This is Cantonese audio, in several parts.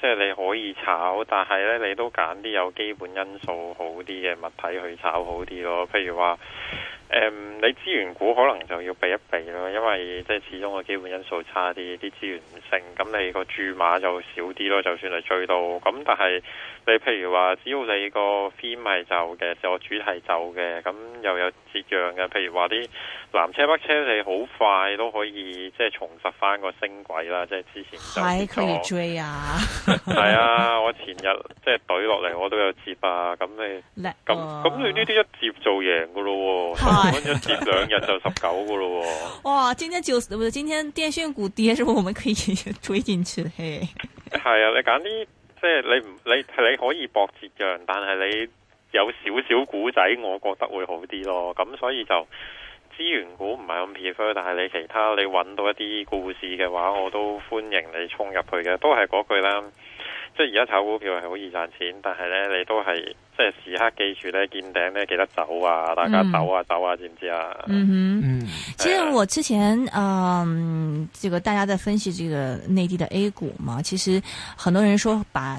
即係你可以炒，但係呢，你都揀啲有基本因素好啲嘅物體去炒好啲咯。譬如話。誒，um, 你資源股可能就要避一避咯，因為即係始終個基本因素差啲，啲資源性，咁你個注碼就少啲咯。就算係追到，咁但係你譬如話，只要你個 theme 就嘅，就主題就嘅，咁又有折讓嘅，譬如話啲南車北車，你好快都可以即係重拾翻個升軌啦，即係之前。就可以追啊！係啊，我前日即係懟落嚟，我都有接呀，啊。咁你，咁咁你呢啲一接就贏噶咯。 咗兩日就十九個咯喎！哇，今天九，唔係，今天電訊股跌，是不我們可以追進去？嘿，係啊，你揀啲，即係你唔你你，你可以搏折讓，但係你有少少股仔，我覺得會好啲咯。咁所以就資源股唔係咁 prefer，但係你其他你搵到一啲故事嘅話，我都歡迎你衝入去嘅，都係嗰句啦。即係而家炒股票係好易賺錢，但係咧你都係即係時刻記住咧見頂咧記得走啊，大家走啊走啊知唔知啊？嗯哼，啊、其實我之前嗯、呃，這個大家在分析這個內地的 A 股嘛，其實很多人說把。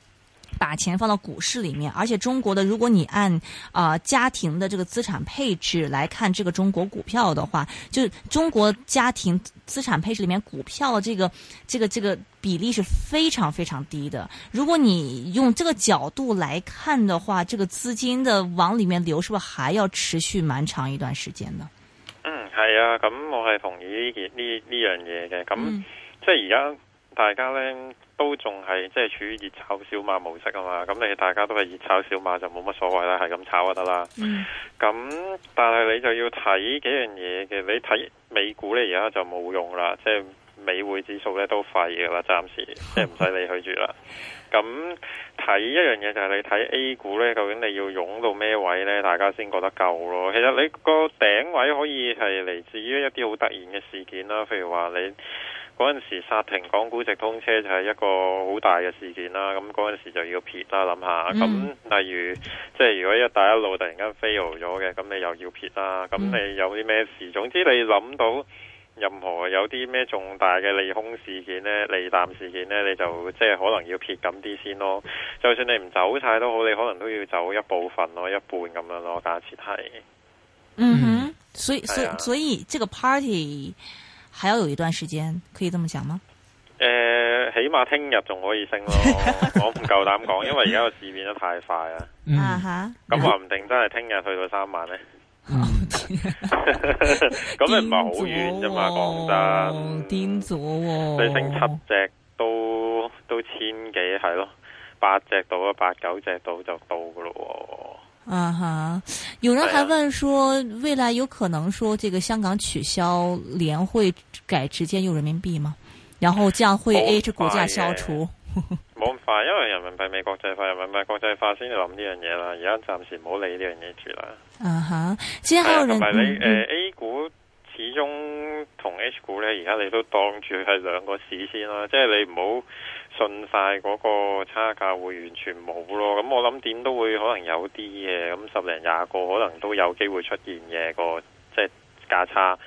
把錢放到股市裏面，而且中國的，如果你按啊、呃、家庭的這個資產配置來看，這個中國股票的話，就是中國家庭資產配置裏面股票這個這個這個比例是非常非常低的。如果你用這個角度來看的話，這個資金的往裏面流，是不是還要持續蠻長一段時間呢？嗯，係啊，咁、嗯、我係同意呢呢呢樣嘢嘅，咁、嗯、即係而家。大家咧都仲係即係處於熱炒小馬模式啊嘛，咁你大家都係熱炒小馬就冇乜所謂啦，係咁炒就得啦。咁、嗯、但係你就要睇幾樣嘢嘅，你睇美股咧而家就冇用啦，即係美匯指數呢都廢噶啦，暫時即係唔使理佢住啦。咁睇一樣嘢就係你睇 A 股呢，究竟你要湧到咩位呢？大家先覺得夠咯。其實你個頂位可以係嚟自於一啲好突然嘅事件啦，譬如話你。嗰陣時殺停港股直通車就係一個好大嘅事件啦，咁嗰陣時就要撇啦，諗下咁，嗯、例如即係如果一帶一路突然間 fail 咗嘅，咁你又要撇啦，咁你有啲咩事？嗯、總之你諗到任何有啲咩重大嘅利空事件呢，利淡事件呢，你就即係可能要撇咁啲先咯。就算你唔走晒都好，你可能都要走一部分咯，一半咁樣咯，假設係，嗯哼，所以所以所以，所以所以這個 party。還要有一段時間，可以這麼講嗎？呃、起碼聽日仲可以升咯， 我唔夠膽講，因為而家個市變得太快喇。咁話唔定真係聽日去到三萬呢？咁又唔係好遠啫嘛，講真的。癲咗、哦，你升七隻都都千幾係咯，八隻到啊，八九隻到就到噶咯。啊哈，uh huh. 有人還問說未來有可能說這個香港取消聯匯改直接用人民幣嗎？然後將會 H 股價消除？冇咁快，快，因為人民幣未國際化，人民幣國際化先至諗呢樣嘢啦。而家暫時唔好理呢樣嘢住啦。啊哈、uh，即、huh. 係有人。唔係你誒、嗯嗯呃、A 股始終同 H 股咧，而家你都當住係兩個市先啦，即係你唔好。盡快嗰個差價會完全冇咯，咁我諗點都會可能有啲嘅，咁十零廿個可能都有機會出現嘅個，即係價差。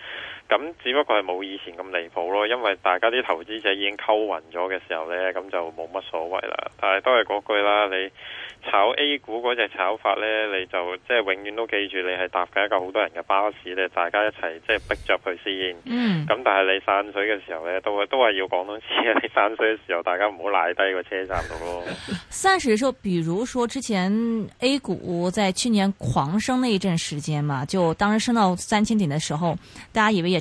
咁只不過係冇以前咁離譜咯，因為大家啲投資者已經溝勻咗嘅時候咧，咁就冇乜所謂啦。但係都係嗰句啦，你炒 A 股嗰隻炒法咧，你就即係永遠都記住，你係搭緊一個好多人嘅巴士咧，大家一齊即係逼着佢先。嗯。咁但係你散水嘅時候咧，都係都係要講多次。啊！你散水嘅時候， 大家唔好賴低個車站度咯。散水嘅時候，比如說之前 A 股在去年狂升那一陣時間嘛，就當時升到三千點嘅時候，大家以為也。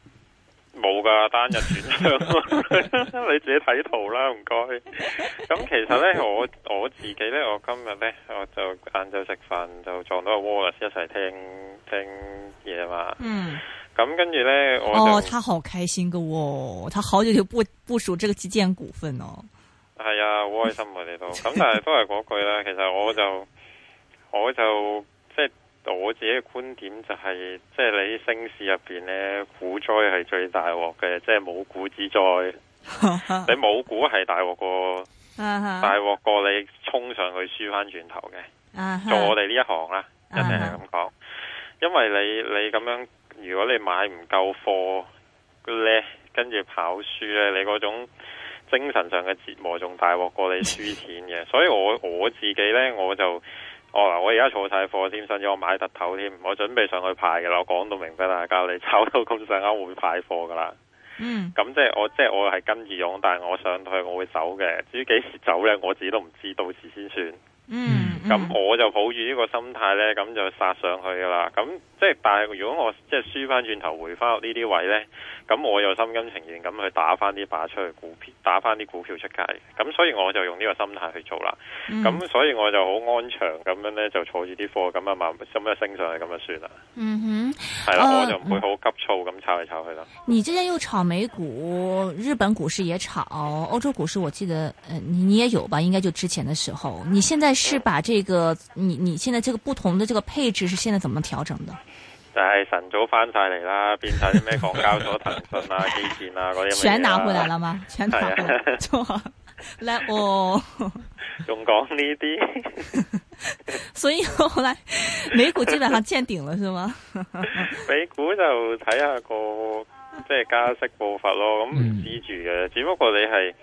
冇噶單日轉賬， 你自己睇圖啦，唔該。咁其實咧，我我自己咧，我今日咧，我就晏晝食飯就撞到阿 Wallace 一齊聽聽嘢嘛。嗯。咁跟住咧，我哦，他好開心噶，哦，佢好久就部部署這個基建股份哦。係啊，好開心啊，你 都。咁但係都係嗰句啦，其實我就，我就即。我自己嘅觀點就係，是，即係你啲升市入邊呢，股災係最大鑊嘅，即係冇股之災。 你冇股係大鑊過， 大鑊過你沖上去輸翻轉頭嘅。 做我哋呢一行啦， 一定係咁講。因為你你咁樣，如果你買唔夠貨咧，跟住跑輸咧，你嗰種精神上嘅折磨仲大鑊過你輸錢嘅。 所以我我自己呢，我就。哦，嗱，我而家儲晒貨添，上次我買特頭添，我準備上去派噶啦。我講到明俾大家，你炒到咁上下會派貨噶啦。嗯，咁即係我即係我係跟住用，但係我上去我會走嘅。至於幾時走呢？我自己都唔知道，到時先算。嗯。咁、嗯、我就抱住呢個心態咧，咁就殺上去噶啦。咁即係，但係如果我即係輸翻轉頭回回，回翻呢啲位咧，咁我又心甘情願咁去打翻啲把出去股票，打翻啲股票出街。咁所以我就用呢個心態去做啦。咁、嗯、所以我就好安詳咁樣咧，就坐住啲貨，咁啊慢，咁樣升上去咁就算啦。嗯哼，係、呃、啦，我就唔會好急躁咁炒嚟炒去啦。你之前又炒美股，日本股市也炒，歐洲股市我記得，你你也有吧？應該就之前的時候，你現在是把這。這個你你現在這個不同的這個配置是現在怎麼調整的？就係晨早返晒嚟啦，變晒啲咩港交所、騰訊啊、 基建啊嗰啲，那些全拿回來了嗎？ 全拿回來了，錯， 叻喎，仲講呢啲， 所以後來美股基本上見頂了， 是嗎？ 美股就睇下個即係加息步伐咯，咁唔知住嘅，只不過你係。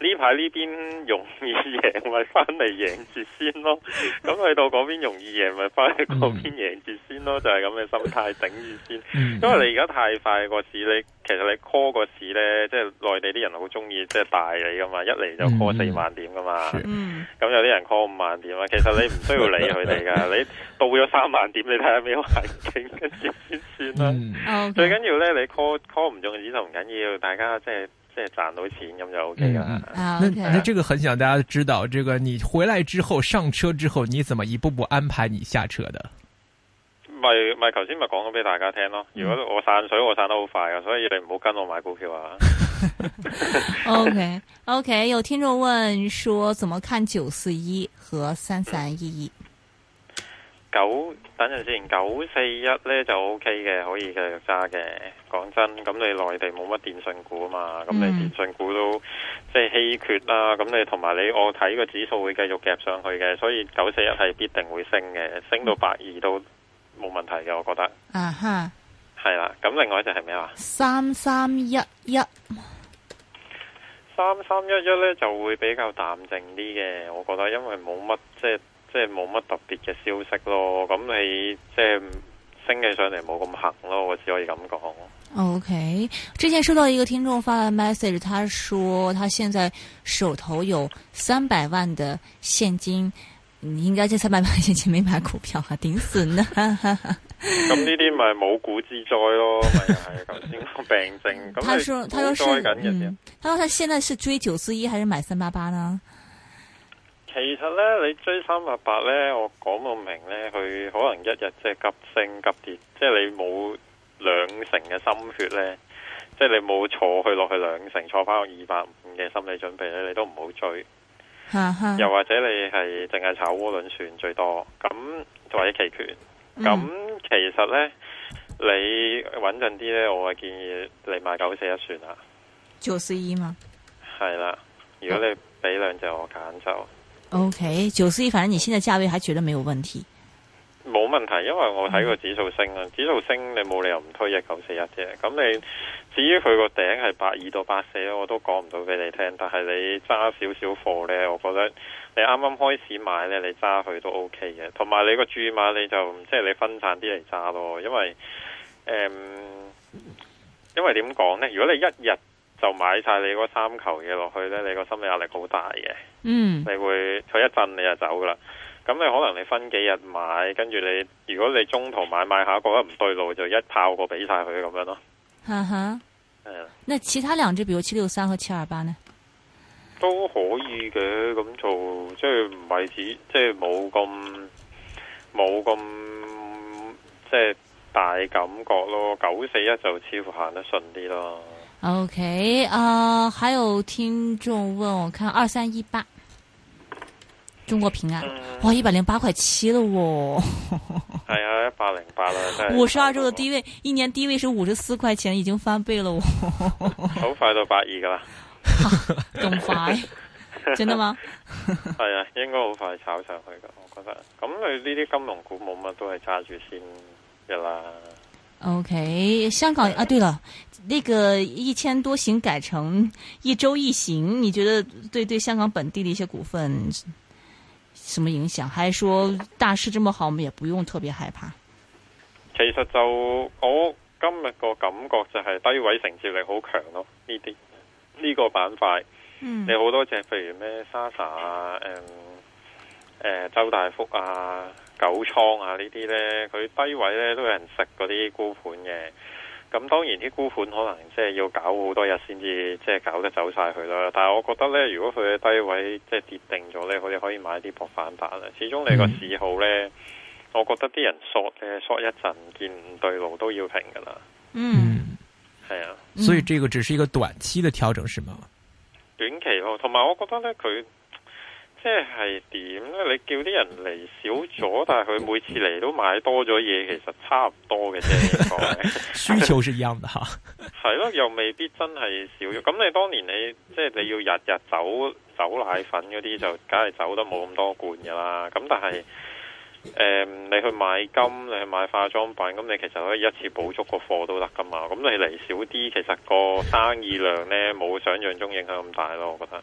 呢排呢邊容易贏，咪翻嚟贏住先咯。咁去到嗰邊容易贏，咪翻去嗰邊贏住先咯。就係咁嘅心態，頂住先。嗯、因為你而家太快個市，你其實你 call 個市呢，即係內地啲人好中意，即係大你噶嘛，一嚟就 call 四萬點噶嘛。咁、嗯、有啲人 call 五萬點啊，其實你唔需要理佢哋噶。 你到咗三萬點，你睇下咩環境跟住先算啦。嗯、最緊要呢，你 call Okay. 你 call 唔中嘅指數就唔緊要，大家即、就、係、是。即係賺到錢咁就 OK 啦。那那這個很想大家知道，這個你回來之後上車之後，你怎麼一步步安排你下車的？咪咪頭先咪講咗俾大家聽咯。如果我散水，我散得好快啊，所以你唔好跟我買股票啊。 OK OK，有聽眾問說，怎麼看九四一和三三一一？嗯九，等陣先，九四一呢就 O K 嘅，可以繼續揸嘅。講真，咁你內地冇乜電信股啊嘛，咁你電信股都、嗯、即係稀缺啦、啊。咁你同埋你，我睇個指數會繼續夾上去嘅，所以九四一係必定會升嘅，升到百二都冇問題嘅。我覺得嗯，哼、uh，係、huh. 啦。咁另外一隻係咩話？三三一一，三三一一呢就會比較淡靜啲嘅。我覺得因為冇乜即係。即係冇乜特別嘅消息咯，咁你即係升起上嚟冇咁行咯，我只可以咁講。OK，之前收到一個聽眾發嚟 message，他說他現在手頭有三百萬的現金，你應該這三百萬現金沒買股票哈頂損啦。咁呢啲咪冇股之災咯？係啊， 頭先病症。 他說他要是，他說他現在是追九四一還是買三八八呢？其實咧，你追三百八咧，我講到明咧，佢可能一日即係急升急跌，即係你冇兩成嘅心血咧，即係你冇坐去落去兩成，坐翻個二百五嘅心理準備咧，你都唔好追。 又或者你係淨係炒窩輪算最多，咁或者期權。咁、嗯、其實咧，你穩陣啲咧，我建議你買九四一算啦。做 C 一嗎？係啦，如果你俾兩隻我揀就。O K，九四一，反正你現在價位還覺得沒有問題，冇問題，因為我睇過指數升啊，指數升你冇理由唔推一九四一啫。咁你至於佢個頂係八二到八四，我都講唔到俾你聽。但係你揸少少貨咧，我覺得你啱啱開始買咧，你揸佢都 O K 嘅。同埋你個注碼你就即係你分散啲嚟揸咯，因為誒、嗯，因為點講咧？如果你一日就買晒你嗰三球嘢落去呢，你個心理壓力好大嘅。嗯，你會佢一陣你就走噶啦。咁你可能你分幾日買，跟住你如果你中途買買下覺得唔對路，就一炮過俾晒佢咁樣咯。哈、啊、哈，係啊、嗯。那其他兩隻，比如七六三和七二八呢？都可以嘅，咁就即係唔係只，即係冇咁冇咁即係大感覺咯。九四一就似乎行得順啲咯。OK，啊、呃，還有聽眾問我看二三一八，18，中國平安，嗯、哇，一百零八塊七了哦。係 啊，一百零八啦，真係。五十二周的低位， 一年低位是五十四塊錢，已經翻倍了哦。好 快到百二噶啦，咁快， 真的嗎？係 啊，應該好快炒上去噶，我覺得。咁佢呢啲金融股冇乜都係揸住先噶啦。O、okay, K，香港啊，對了，那個一千多行改成一周一行，你覺得對對香港本地的一些股份什麼影響？還是說大市這麼好，我們也不用特別害怕？其實就我今日個感覺就係低位承接力好強咯、哦，呢啲呢個板塊，嗯、你好多隻，譬如咩莎莎啊，誒、呃、誒周大福啊。九倉啊，呢啲呢，佢低位呢都有人食嗰啲沽盤嘅，咁當然啲沽盤可能即係要搞好多日先至，即係搞得走晒佢啦。但係我覺得呢，如果佢嘅低位即係跌定咗呢，佢哋可以買啲博反彈啦。始終你個市好呢，嗯、我覺得啲人縮咧縮一陣見唔對路都要平噶啦。嗯，係啊。所以這個只是一個短期嘅調整是嗎？短期咯，同埋我覺得呢，佢。即係點呢？你叫啲人嚟少咗，但係佢每次嚟都買多咗嘢，其實差唔多嘅啫。需求是一樣的係係咯，又未必真係少咗。 你當年你即係你要日日走走奶粉嗰啲，就梗係走得冇咁多罐噶啦。咁但係誒、嗯，你去買金，你去買化妝品，咁你其實可以一次補足個貨都得噶嘛。咁你嚟少啲，其實個生意量呢冇想象中影響咁大咯。我覺得。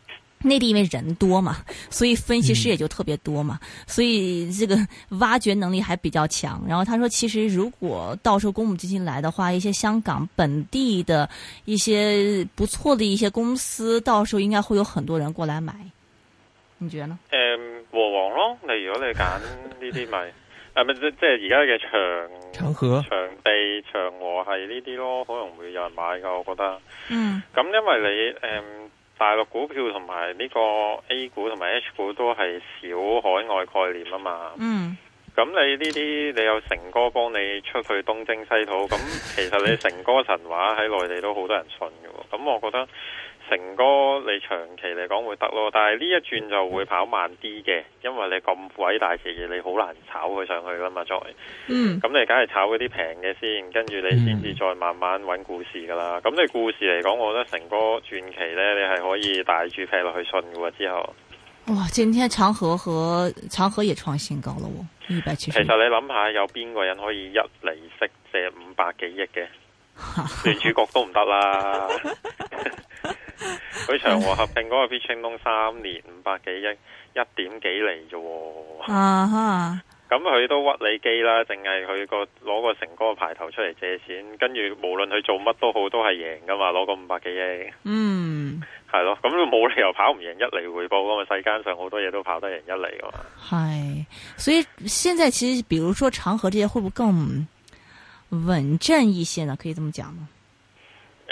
內地因為人多嘛，所以分析師也就特別多嘛，嗯、所以這個挖掘能力還比較強。然後他說，其實如果到時候公募基金來的話，一些香港本地的一些不錯的一些公司，到時候應該會有很多人過來買。你覺得呢？嗯，和黃咯，你如果你揀呢啲咪， 啊咪即即係而家嘅長河、長地、長和係呢啲咯，可能會有人買噶，我覺得。嗯。咁因為你誒。嗯大陸股票同埋呢個 A 股同埋 H 股都係少海外概念啊嘛，咁、嗯、你呢啲你有成哥幫你出去東征西討，咁其實你成哥神話喺內地都好多人信嘅，咁我覺得。成哥，你長期嚟講會得咯，但係呢一轉就會跑慢啲嘅，因為你咁偉大嘅嘢，你好難炒佢上去噶嘛，再，嗯，咁你梗係炒嗰啲平嘅先，跟住你先至再慢慢揾故事噶啦。咁、嗯、你故事嚟講，我覺得成哥轉期呢，你係可以大住劈落去信噶喎。之後，哇，今天長河和長河也創新高啦，哦，百七十。其實你諗下，有邊個人可以一厘息借五百幾億嘅？女主角都唔得啦。 佢 長和合併嗰個 v i s i o 東三年五百幾億一點幾厘啫，啊哈，咁佢都屈你機啦，淨係佢個攞個成個排頭出嚟借錢，跟住無論佢做乜都好，都係贏噶嘛，攞個五百幾億，嗯，係咯，咁冇理由跑唔贏一厘回報噶嘛，世間上好多嘢都跑得贏一厘噶嘛，係，所以現在其實，比如說長和這些，會唔會更穩陣一些呢？可以這麼講嗎？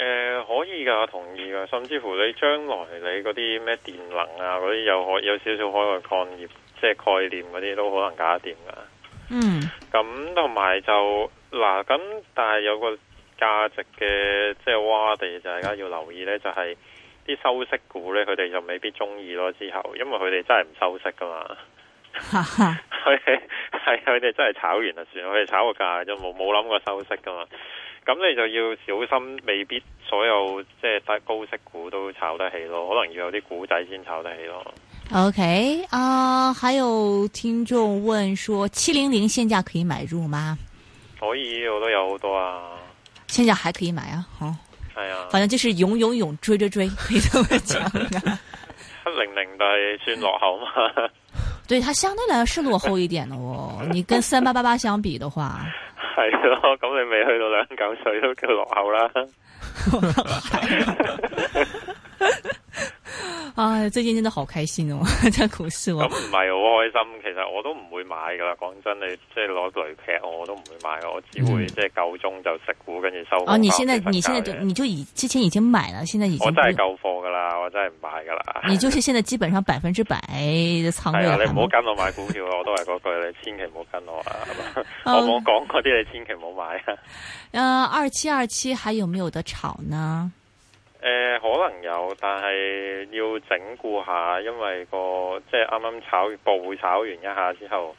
誒、呃，可以噶我同意噶甚至乎你將來你嗰啲咩電能啊，嗰啲有可有少少海外礦業即係概念嗰啲都可能搞得掂噶。嗯，咁同埋就嗱，咁但係有個價值嘅即係窪地，就係、大家要留意呢，就係、是、啲收息股呢，佢哋就未必中意咯。之後，因為佢哋真係唔收息噶嘛，係，係佢哋真係炒完就算，佢哋炒個價就冇冇諗過收息噶嘛。咁你就要小心，未必所有即係高息股都炒得起咯，可能要有啲股仔先炒得起咯。OK，啊、呃，還有聽眾問說，七零零現價可以買入嗎？可以，我都有好多啊。現價還可以買啊？好，係啊，反正就是勇勇勇追追追，你咁講噶七零零但係算落後嘛？對，它相對嚟講是落後一點咯、哦。 你跟三八八八相比的話。係咯，咁你未去到兩九歲都叫落後啦。啊，最近真係好開心哦，喺股市哦。咁唔係好開心，其實我都唔會買噶啦。講真，你即係攞雷劈，我都唔會買，我只會、嗯、即係夠鐘就食股，跟住收。哦、啊，你現在，你現在就你就已之前已經買了，現在已經我真係夠貨噶啦，我真係唔買噶啦。你就是現在基本上百分之百的倉位。係、 啊、你唔好跟我買股票 我都係嗰句，你千祈唔好跟我啊，啊 我冇講嗰啲，你千祈唔好買啊。嗯、啊，二七二七，還有冇得炒呢？誒、呃，可能有，但係要整固一下，因為個即係啱啱炒暴炒完一下之後，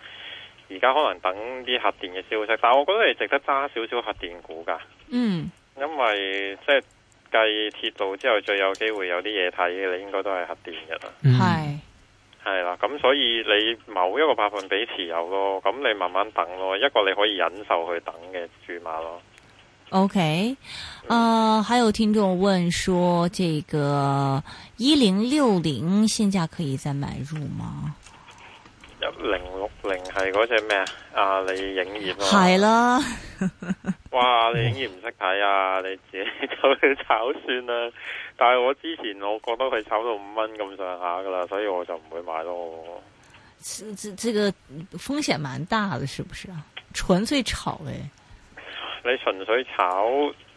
而家可能等啲核電嘅消息。但係我覺得你值得揸少少核電股㗎。嗯，因為即係繼鐵路之後，最有機會有啲嘢睇嘅，你應該都係核電嘅啦。係係啦，咁是所以你某一個百分比持有咯，咁你慢慢等咯，一個你可以忍受去等嘅注碼咯。OK，呃，還有聽眾問說，這個一零六零現價可以再買入嗎？一零六零係嗰隻咩啊？啊，阿里影業、啊？係是啦。 哇，你影業唔識睇啊？你自己走去炒算啦。但係我之前我覺得佢炒到五蚊咁上下噶啦，所以我就唔會買咯。這這個風險蠻大的，是不是啊？純粹炒誒、欸。你純粹炒，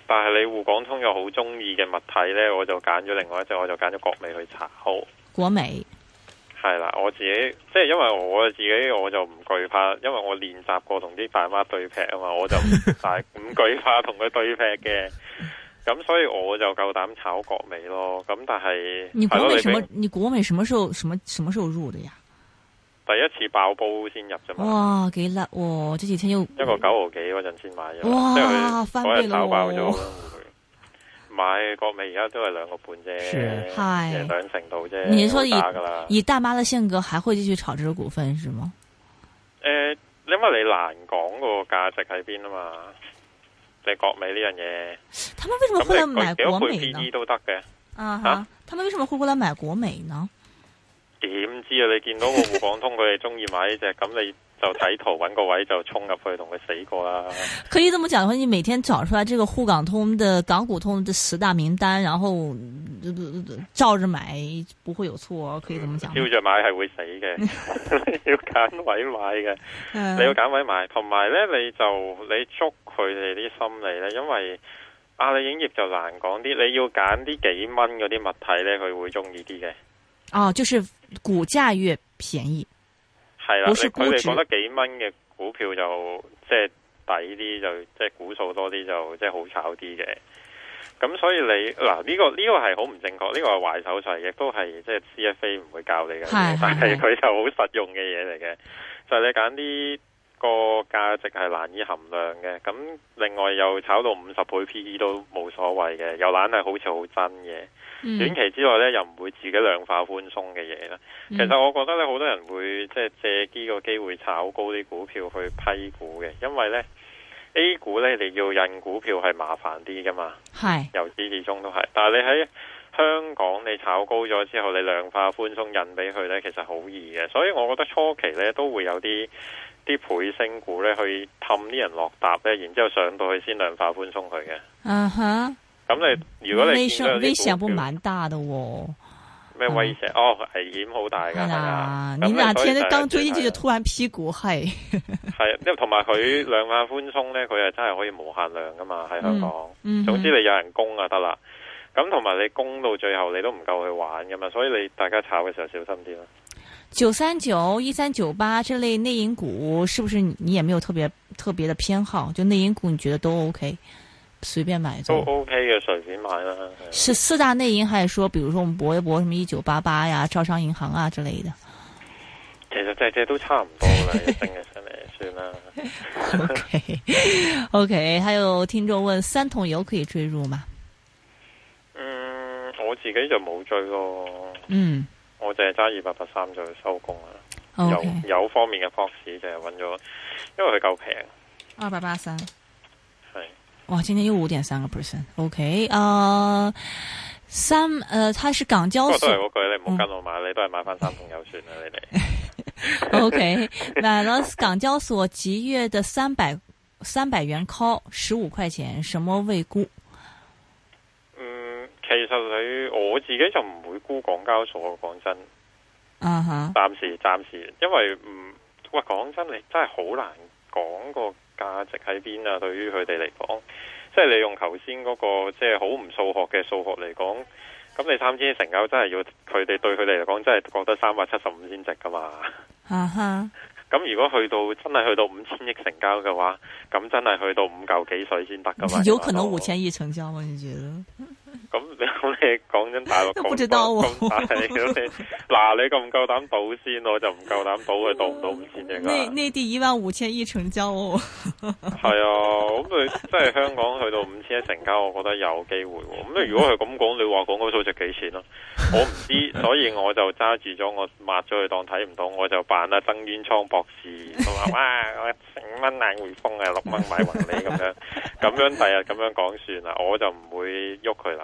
但係你滬港通又好中意嘅物體咧，我就揀咗另外一隻，我就揀咗國美去炒。好，國美係啦，我自己即係因為我自己我就唔懼怕，因為我練習過同啲大媽對劈啊嘛，我就但係唔懼怕同佢對劈嘅。咁所以我就夠膽炒國美咯。咁但係你國美什麼？你，你國美什麼時候？什麼什麼時候入的呀？第一次爆煲先入啫嘛，哇，辣哦、這幾甩！即係趁要一個九毫幾嗰陣先買咗，即係我係炒爆咗，哦、 買國美而家都係兩個半啫，係是唉兩成度啫，你打以大以大媽的性格，還會繼續炒這支股份是嗎？誒、呃，你因為你難講個價值喺邊啊嘛，即係國美呢樣嘢。他們為什麼會來買國美呢？啊，他們為什麼會過來買國美呢？點知啊？你見到個滬港通佢哋中意買呢隻，咁 你就睇圖揾個位就衝入去同佢死過啦。可以咁講，你每天找出來這個滬港通的港股通的十大名單，然後照着買不會有錯。可以咁講，講。照着買係會死嘅， 你要揀位買嘅， 你要揀位買。同埋呢，你就你捉佢哋啲心理咧，因為阿里、啊、影業就難講啲，你要揀啲幾蚊嗰啲物體呢，佢會中意啲嘅。哦，就是股價越便宜，係啦，不是估值。我覺得幾蚊嘅股票就即係抵啲，就即係股數多啲就即係好炒啲嘅。咁所以你嗱呢、啊這個呢、這個係好唔正確，呢、這個係壞手勢嘅，都係即係 C F A 唔會教你嘅，的但係佢就好實用嘅嘢嚟嘅，的就係你揀啲。個價值係難以衡量嘅，咁另外又炒到五十倍 P E 都冇所謂嘅，又懶係好似好真嘅。短、嗯、期之內呢，又唔會自己量化寬鬆嘅嘢啦。嗯、其實我覺得呢，好多人會即係借呢個機會炒高啲股票去批股嘅，因為呢 A 股呢，你要印股票係麻煩啲噶嘛，係是由始至終都係。但係你喺香港你炒高咗之後，你量化寬鬆印俾佢咧，其實好易嘅。所以我覺得初期咧都會有啲啲倍升股咧去氹啲人落搭咧，然之後上到去先量化寬鬆佢嘅。啊咁你如果你，威險威險都蠻大嘅喎、哦。咩威險哦，危險好大噶。啊！你哪天剛追進去就突然批股，係係， 因為同埋佢量化寬鬆咧，佢係真係可以無限量噶嘛。喺香港，mm hmm. 總之你有人供啊得啦。咁同埋你供到最後你都唔夠去玩㗎嘛，所以你大家炒嘅時候小心啲啦。九三九、一三九八這類內銀股，是不是你也沒有特別特別的偏好？就內銀股你覺得都 OK，隨便買都 OK 嘅，隨便買啦。是四大內銀，還係說，比如說我們搏一搏，什麼一九八八呀、招商銀行啊之類的。其實這這都差唔多啦，定嘅升嚟算啦。 OK OK，還有聽眾問：三桶油可以追入嗎？我自己就冇追咯，嗯，我淨係揸二百八三就去收工啦。Okay, 有有方面嘅 poss 就係揾咗，因為佢夠平。二百八三係，哇！今天又五點三個 percent，OK 啊？三，誒、呃，他是港交所。哦、都係嗰句，你唔好跟我買，嗯、你都係買翻三桶油算啦，你哋。OK，買了港交所即月嘅三百三百元 call，十五塊錢，什麼未沽。嗯，其實我自己就唔會估港交所，講真。嗯哼、uh，huh. 暫時，暫時，因為唔喂，呃，講真，你真係好難講個價值喺邊啊！對於佢哋嚟講，即係你用頭先嗰個即係好唔數學嘅數學嚟講，咁你三千億成交真係要佢哋對佢哋嚟講，真係覺得三百七十五先值噶嘛？嗯哼、uh，huh. 咁如果去到真係去到五千億成交嘅話，咁真係去到五嚿幾水先得噶嘛？有可能五千億成交嗎？你覺得？咁你講緊大陸，都不知道喎。嗱，你咁夠膽賭先，我就唔夠膽賭佢，到唔到五千億。地25，哦、 啊？那那第一萬五千億成交喎。係啊，咁佢即係香港去到五千億成交，我覺得有機會。咁如果佢咁講，你話講個數數值幾錢咯、啊？我唔知，所以我就揸住咗我抹咗佢，當睇唔到，我就扮啦曾淵滄博士，咁啊，成蚊冷回風啊，六蚊買云你。」咁樣，咁樣第日咁樣講算啦，我就唔會喐佢啦。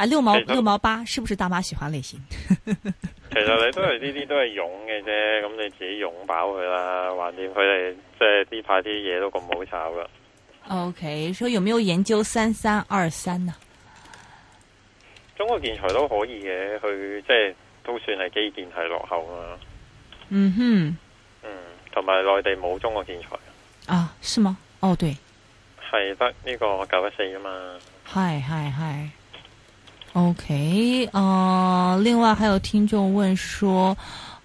啊六毛實六毛八，是不是大媽喜歡類型？ 其實你都係呢啲都係擁嘅啫，咁你自己擁飽佢啦，橫掂佢哋即係呢排啲嘢都咁好炒噶。OK，所以有冇有研究三三二三呢？中國建材都可以嘅，佢即係都算係基建係落後啦。嗯哼，嗯，同埋內地冇中國建材。啊，是嗎？哦，對，係得呢個九一四㗎嘛。係係係。O.K.，啊、呃，另外還有聽眾問說，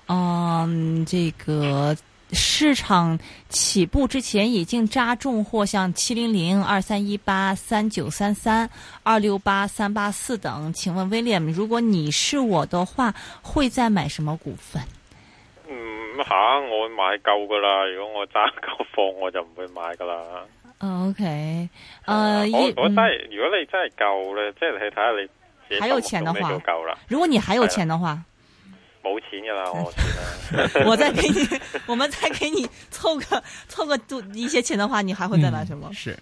嗯、呃、這個市場起步之前已經揸重貨，像七零零、二三一八、三九三三、二六八、三八四等，請問 William，如果你是我的話，會再買什麼股份？嗯，吓，我買夠噶啦，如果我揸夠貨，我就唔會買噶啦。O.K.，呃我、嗯、我，我真係如果你真係夠咧，即係你睇下你。還有錢的話，如果你還有錢的話，冇錢噶啦，我我再給你，我們再給你湊個湊個多一些錢的話，你還會再買什麼？嗯、是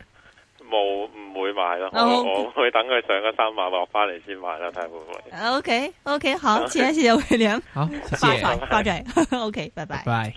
冇唔會買咯，我會等佢上個三萬落翻嚟先買啦，睇會唔會？OK OK，好，謝謝， 謝謝威廉，好，拜拜，拜拜 Bye bye.，OK，拜拜。